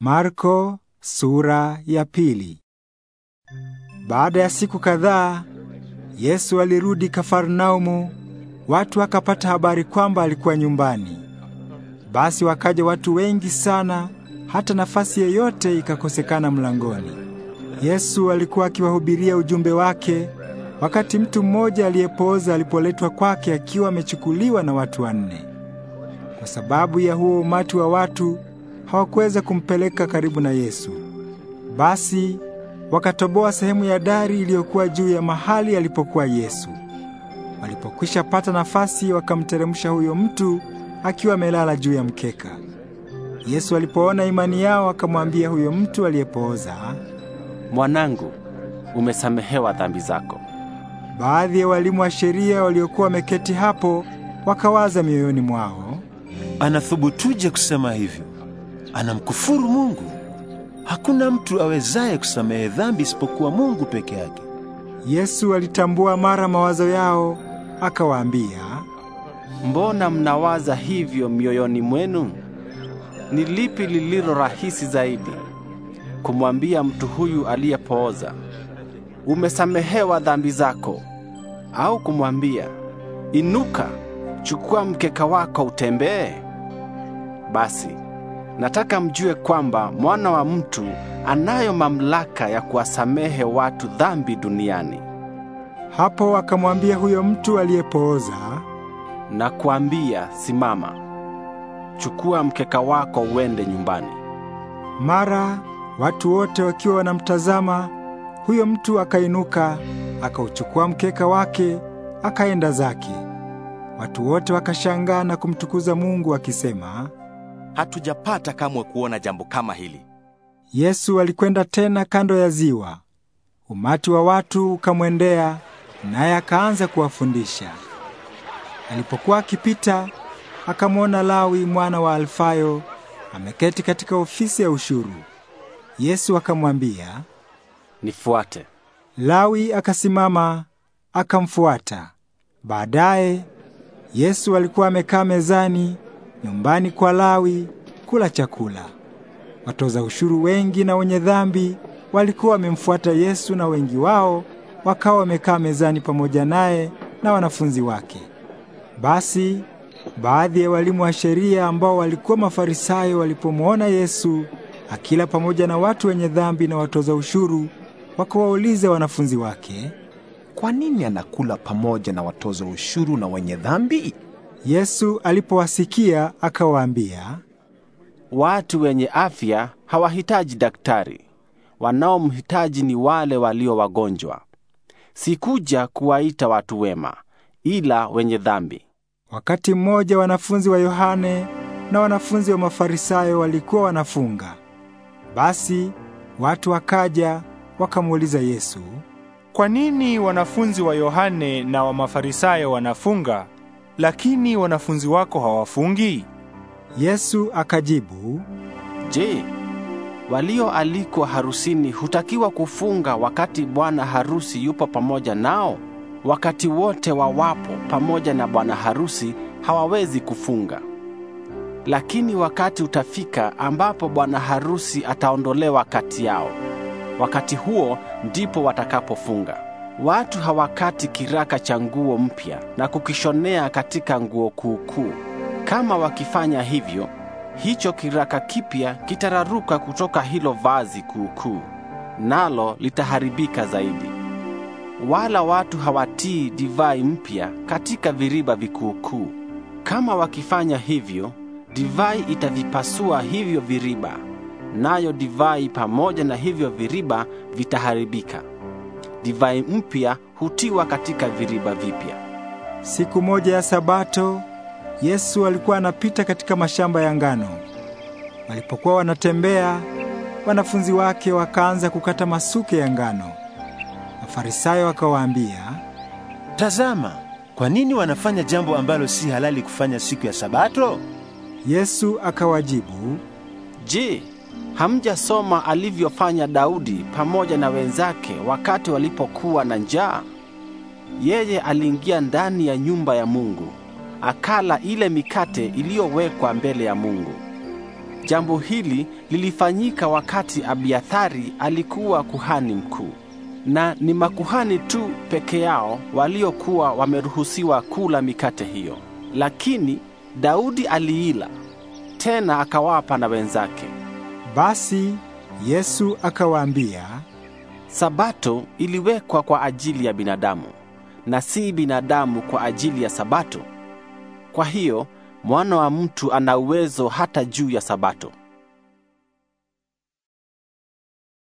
Marko sura ya pili. Baada ya siku kadhaa Yesu alirudi Kafarnaumu, watu wakapata habari kwamba alikuwa nyumbani. Basi wakaja watu wengi sana hata nafasi yoyote ikakosekana mlangoni. Yesu alikuwa akiwahubiria ujumbe wake wakati mtu mmoja aliyepooza alipoletwa kwake akiwa amechukuliwa na watu wanne. Kwa sababu ya huo umati wa watu hawakuweza kumpeleka karibu na Yesu. Basi wakatoboa sehemu ya dari iliyokuwa juu ya mahali alipokuwa Yesu. Walipokwisha pata nafasi, wakamteremsha huyo mtu akiwa amelala juu ya mkeka. Yesu alipoona imani yao, akamwambia huyo mtu aliyepooza, mwanangu, umesamehewa dhambi zako. Baadhi ya walimu wa sheria waliokuwa wameketi hapo wakawaza mioyoni mwao, anathubutuje kusema hivyo? anamkufuru Mungu. Hakuna mtu awezaye kusamehe dhambi isipokuwa Mungu peke yake. Yesu alitambua mara mawazo yao, akawaambia, mbona mnawaza hivyo mioyoni mwenu? Ni lipi lililo rahisi zaidi, kumwambia mtu huyu aliyepooza, umesamehewa dhambi zako, au kumwambia inuka, chukua mkeka wako utembee? Basi Nataka mjue kwamba mwana wa mtu anayo mamlaka ya kuwasamehe watu dhambi duniani. Hapo akamwambia huyo mtu aliyepooza, na kuambia, simama, chukua mkeka wako uende nyumbani. Mara watu wote wakiwa wanamtazama, huyo mtu akainuka, akauchukua mkeka wake, akaenda zake. Watu wote wakashangaa na kumtukuza Mungu akisema hatujapata kamwe kuona jambo kama hili. Yesu alikwenda tena kando ya ziwa. Umati wa watu ukamwendea, naye akaanza kuwafundisha. Alipokuwa akipita, akamwona Lawi mwana wa Alfayo ameketi katika ofisi ya ushuru. Yesu akamwambia, "Nifuate." Lawi akasimama akamfuata. Baadaye Yesu alikuwa amekaa mezani nyumbani kwa Lawi kula chakula. Watoza ushuru wengi na wenye dhambi walikuwa wamemfuata Yesu, na wengi wao wakawa wamekaa mezani pamoja naye na wanafunzi wake. Basi baadhi ya walimu wa sheria ambao walikuwa Mafarisayo walipomwona Yesu akila pamoja na watu wenye dhambi na watoza ushuru, wakawauliza wanafunzi wake, kwa nini anakula pamoja na watoza ushuru na wenye dhambi? Yesu alipowasikia akawaambia, watu wenye afya hawahitaji daktari, wanaomhitaji ni wale walio wagonjwa. Sikuja kuwaita watu wema, ila wenye dhambi. Wakati mmoja wanafunzi wa Yohane na wanafunzi wa Mafarisayo walikuwa wanafunga. Basi watu wakaja wakamuuliza Yesu, kwa nini wanafunzi wa Yohane na wa Mafarisayo wanafunga lakini wanafunzi wako hawafungi? Yesu akajibu, Je, walioalikwa harusini hutakiwa kufunga wakati bwana harusi yupo pamoja nao? Wakati wote wawapo pamoja na bwana harusi hawawezi kufunga. Lakini wakati utafika ambapo bwana harusi ataondolewa kati yao. Wakati huo ndipo watakapofunga. Watu hawakati kiraka cha nguo mpya na kukishonea katika nguo kuukuu. Kama wakifanya hivyo, hicho kiraka kipya kitararuka kutoka hilo vazi kuukuu, nalo litaharibika zaidi. Wala watu hawatii divai mpya katika viriba vikuukuu. Kama wakifanya hivyo, divai itavipasua hivyo viriba, nayo divai pamoja na hivyo viriba vitaharibika divai mpya hutiwa katika viriba vipya. Siku moja ya Sabato, Yesu alikuwa anapita katika mashamba ya ngano. Walipokuwa wanatembea, wanafunzi wake wakaanza kukata masuke ya ngano. Mafarisayo akawaambia, "Tazama, kwa nini wanafanya jambo ambalo si halali kufanya siku ya Sabato?" Yesu akawajibu, "Je, Hamjasoma alivyofanya Daudi pamoja na wenzake wakati walipokuwa na njaa? Yeye aliingia ndani ya nyumba ya Mungu, akala ile mikate iliyowekwa mbele ya Mungu. Jambo hili lilifanyika wakati Abiathari alikuwa kuhani mkuu, na ni makuhani tu peke yao waliokuwa wameruhusiwa kula mikate hiyo, lakini Daudi aliila tena akawapa na wenzake. Basi Yesu akawaambia, Sabato iliwekwa kwa ajili ya binadamu na si binadamu kwa ajili ya Sabato. Kwa hiyo mwana wa mtu ana uwezo hata juu ya Sabato.